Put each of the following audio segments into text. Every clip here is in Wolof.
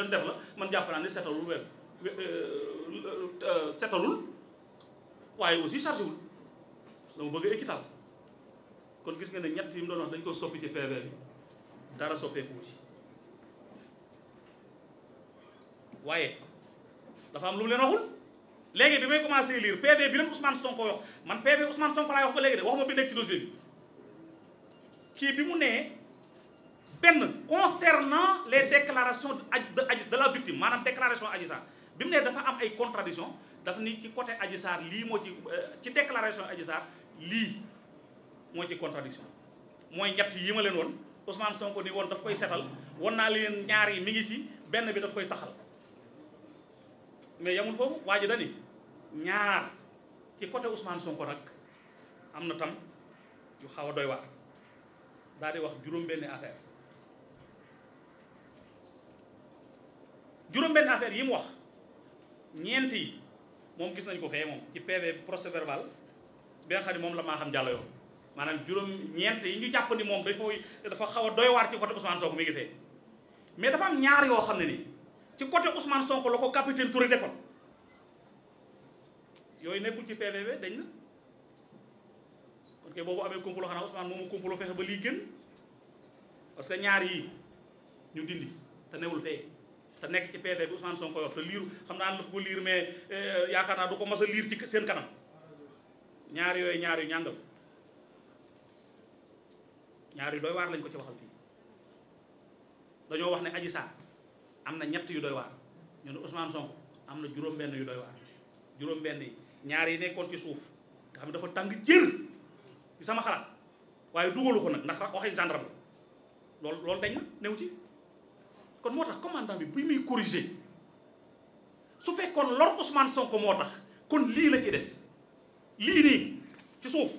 benn def la man jàpp naa ne setalul wér euh, euh, euh, setalul waaye aussi chargé wul dama bëgg équitable kon gis nga ne ñett yi mu doon wax dañ ko soppi ci PV bi dara soppeeku ci waaye dafa am lu mu leen waxul léegi bi may commencé lire PV bi leen Ousmane ko wax man PV Ousmane Sonko laay wax ba léegi de waxuma bi nekk ci dossier bi kii bi mu nee benn concernant les déclarations de Adji de la victime madame déclaration Adji Sarr bi mu ne dafa am ay contradiction dafa ni ci côté Adji li mo ci euh, ci déclaration Adji li mo ci contradiction moy ñatt yi ma leen won Ousmane Sonko ni won daf koy sétal won na leen ñaar yi mi ngi ci benn bi daf koy taxal mais yamul foofu waji dañi ñaar ci côté Ousmane Sonko nak amna tam yu xawa a doy waar daal di wax juroom benn affaire juróom-benn affaire yi mu wax ñeenti yi moom gis nañ ko fee moom ci PV procès verbal bi nga moom la maa xam jàll yoon maanaam juróom ñeent yi ñu jàpp ni moom dafay dafa xaw a doy waar ci côté Ousmane Sonko mi ngi fee mais dafa am ñaar yoo xam ne ni ci côté Ousmane Sonko la ko capitaine Touré defoon yooyu nekkul ci PVB dañ na kon boobu amee complot xanaa Ousmane moomu complot fexe ba lii gën parce que ñaar yi ñu dindi te newul fee te nekk ci PV bi Ousmane Sonko wax te liiru xam naa na ko liir mais euh, yaakaar naa du ko mas a liir ci seen kanam ñaar yooyu ñaar yu ñàngal ñaar yu doy waar lañ ko ci waxal fii dañoo wax ne Adji Sarr am na ñett yu doy waar ñu ne Ousmane Sonko am na juróom-benn yu doy waar juróom-benn yi ñaar yi nekkoon ci suuf nga xam ne dafa tàng jër ci sama xalaat waaye dugalu ko nag ndax waxi gendarme loolu loolu dañ na new ci. kon moo tax commandant bi bu muy corriger su fekkoon lor Ousmane Sonko moo tax kon li la ci def li ni ci souf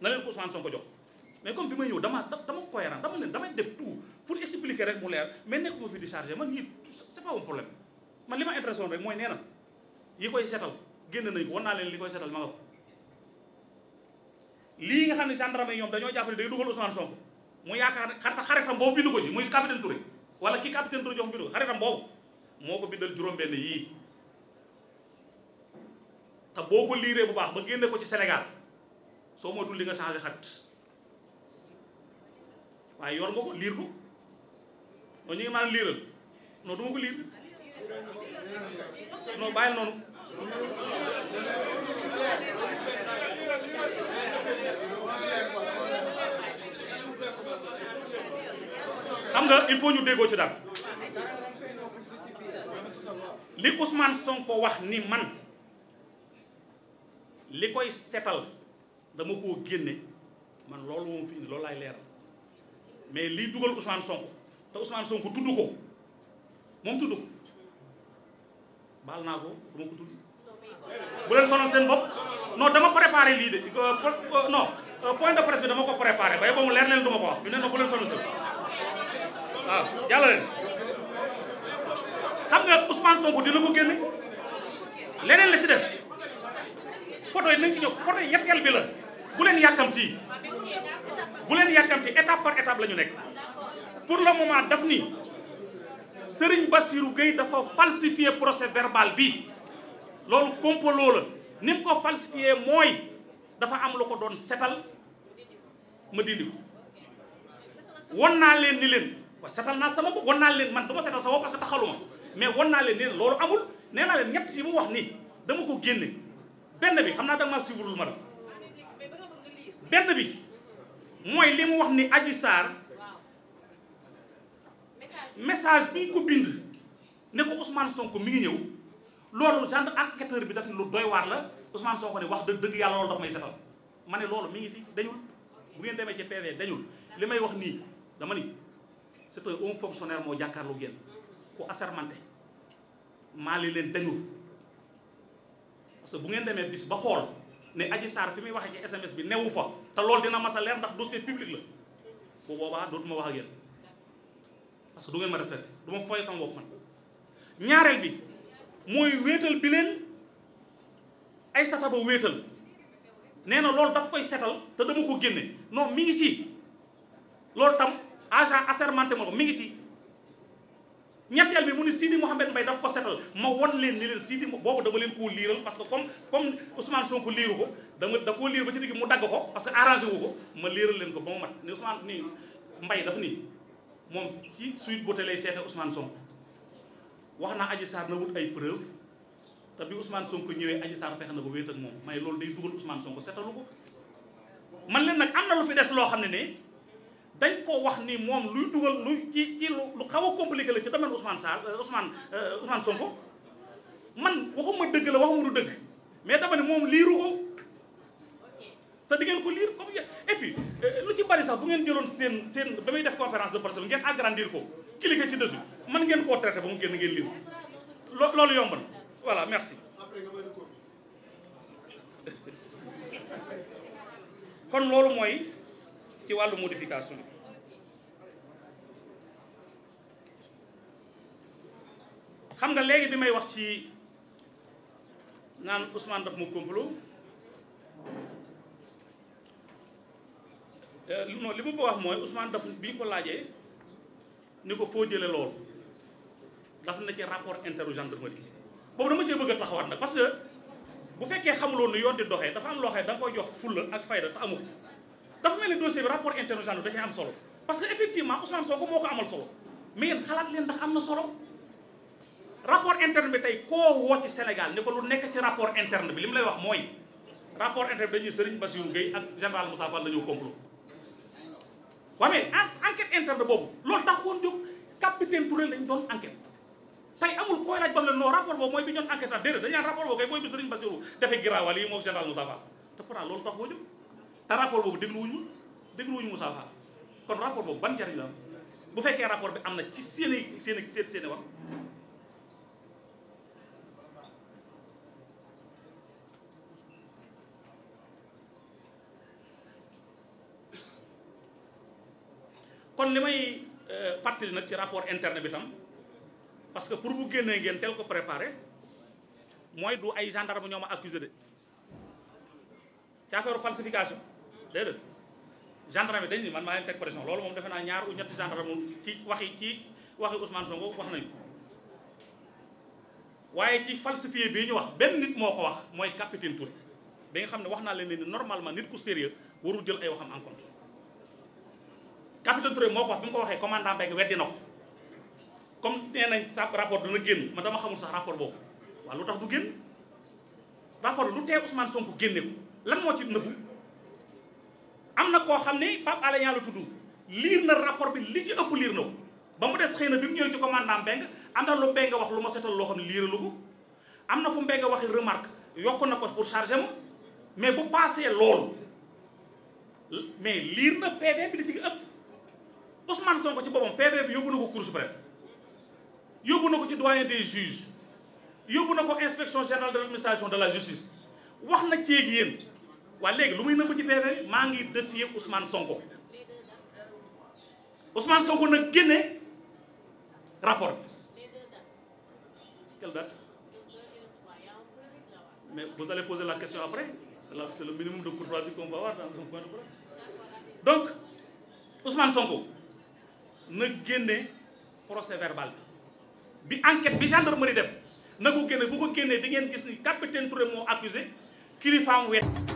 na len ko Ousmane Sonko jox mais comme bima ñew dama dama cohérent dama len dama def tout pour expliquer rek mu leer mais nek nekkuma fi di chargé man ni c'est pas un problème man lima intéressant rek moy nee yi koy sétal genn nañ ko wonna len li koy sétal ma nga ko lii nga xamni gendarme ñom dañu dañoo day duggal Ousmane Sonko mu yaakaar xarta xaritam boobu bindu ko ci muy capitaine Touré wala ki capitaine Touré jox mbiru xaritam boobu moo ko bindal juróom-benn yii te boo ko liiree bu baax ba génne ko ci Sénégal soo moytul li nga changé xarit waaye yor nga ko liir ko non ñu ngi naan liiral non du ko liir non bàyyil noonu xam nga il faut ñu déggoo ci dara li Ousmane Sonko wax ni man li koy setal dama koo génne man loolu moom fi loolu laay leeral mais lii dugal Ousmane Sonko te Ousmane Sonko tudd ko moom tudd ko baal naa ko dama ko tudd bu leen sonal seen bopp non dama préparé lii de euh, euh, non euh, point de presse bi dama ko préparé ba yow ba mu leer leen du ma ko wax fi ne non bu leen sonal seen waaw jàll leen xam nga Ousmane Sonko dina ko génne leneen la si des photo yi nañ ci ñëw photo ñetteel bi la bu leen yàkkamti bu leen yàkkamti étape par étape la nekk pour le moment daf ni Serigne Bassirou Gueye dafa falsifier procès verbal bi loolu complot la nit ko falsifier mooy dafa am lu ko doon setal ma dindi ko naa leen ni leen waaw setal naa sama bopp wan naa leen man du ma setal sama bopp parce que taxaluma mais wan naa leen loolu amul nee naa leen ñett si mu wax nii dama ko génne benn bi xam naa da bi mooy li mu wax ni Adji Sarr message bi ñu ko bind ne ko Ousmane Sonko mi ngi ñëw loolu genre enquêteur bi daf ne lu doy waar la Ousmane Sonko ne wax dëgg dëgg yàlla loolu daf may setal ma ne loolu mi ngi fii dañul bu ngeen demee ci PV dañul li may wax nii dama ni c'est un fonctionnaire moo jàkkaarloo génn ku assermenté maa li leen dañul parce que bu ngeen demee bis ba xool ne aji Sarr fi muy waxee ci SMS bi newu fa te lool dina mas a leer ndax dossier public la bu boobaa dootuma wax a yéen parce que du ngeen ma respecté du ma fooy sama bopp man ñaareel bi mooy wéetal bi leen ay sata wéetal nee na loolu daf koy setal te dama ko génne non mi ngi ci loolu tam agent assermenté ma ko mi ngi ci ñetteel bi mu ni Sidi Mouhamed mbay daf ko setal ma won leen ni leen Sidi boobu dama leen koo liiral parce que comme comme Ousmane Sonko liiru ko dama da koo liir ba ci digg mu dagg ko parce que arrangé wu ko ma liiral leen ko ba mu mat ni Ousmane ni Mbaye daf nii moom ci suite ba lay seete Ousmane Sonko wax naa Adji Sarr na wut ay preuve te bi Ousmane Sonko ñëwee Adji Sarr fexe na ko wéet ak moom may loolu day dugal Ousmane Sonko setalu ko man leen na lu fi loo xam ne ne dañ ko wax ni mom luy duggal lu ci ci lu xawa compliqué la ci domaine Ousmane Sall euh, Ousmane euh, Ousmane Sonko man waxuma deug la waxuma du deug mais dama ne moom liiru ko ta di ngeen ko lire comme et puis euh, lu ci bari sax bu ngeen jëloon sen sen ba def conférence de presse ngeen agrandir ko cliquer ci dessus man ngeen ko traiter ba mu génn ngeen lire lolu loolu yomb na voilà merci. kon lolu moy ci wàllu modification xam nga léegi bi may wax ci naan Ousmane daf ma complot euh, non li ma bëgg wax mooy Ousmane daf bi ñu ko laajee ni ko foo jële lool daf na ci rapport interne gendarmerie boobu dama cee bëgg a taxawaat nag parce que bu fekkee xamuloon ni yoon di doxee dafa am loo xam ne da nga koy jox fulla ak fayda te amu dafa mel ni dossier bi rapport international dañ am solo parce que effectivement Ousmane Sonko moko amal solo mais yeen xalat len ndax amna solo rapport interne bi tay ko wo ci Sénégal ne ko lu nek ci rapport interne bi lim lay wax moy rapport interne bi dañuy Serigne Bassirou Gueye ak général Moussa Fall dañu complot wamé enquête interne bobu loolu tax won juk capitaine Touré lañ doon enquête tay amul koy laaj bam le no rapport boobu moy bi ñoon enquête a dañu rapport boobu kay moy bi Serigne Bassirou defé grawal yi mo général Moussa Fall te pourtant tax juk te rapport boobu dégluwuñu dégluwuñu Moussa Fall kon rapport boobu ban njariñ la bu fekkee rapport bi am na ci seen i seen i seen wax kon li may euh, fàttali nag ci rapport internet bi tam parce que pour bu génnee génn tel ko préparé mooy du ay gendarme ñoo ma accusé de ci affaire falsification dedet gendarme dañ ni man ma len tek pression lolou mom defe naa ñaar u ñetti gendarme moom ci waxi ci waxi Ousmane Sonko wax nañu waye ci falsifier bi ñu wax ben nit moko wax moy capitaine Touré bi nga xam ne wax naa leen ne normalement nit ku sérieux waru jël ay waxam en compte capitaine Touré moko wax bi mu ko waxee commandant bay weddi na ko comme té nañ sa rapport dana genn man dama xamul sax rapport boobu wa lutax du genn rapport lu té Ousmane Sonko genné ko lan mo ci neub am na koo xam ni Pape Alé Niang la tudd liir na rapport bi li ci ëpp liir na ko ba mu des xëy na bi mu ñëwee ci commandant Mbengue am na lu Mbengue wax lu ma seetal loo xam ne liiralu ko am na fu Mbengue waxi remarque yokk na ko pour charger ma mais bu paasee loolu mais liir na PV bi li ci ëpp Ousmane Sonko ci boppam PV bi yóbbu na ko Cour suprême yóbbu na ko ci doyen des juges yóbbu na ko inspection générale de l'administration de la justice wax na ceeg yéen waa léegi lu muy nëbb ci PV maa ngi défier Ousmane Sonko Ousmane Sonko nag rapport quelle date mais vous allez poser la question après c'est le minimum de courtoisie qu'on va avoir dans un point de presse donc Ousmane Sonko na génne procès verbal bi enquête bi gendarmerie def na ko génne bu ko génnee di ngeen gis ni capitaine Touré moo accusé fait wet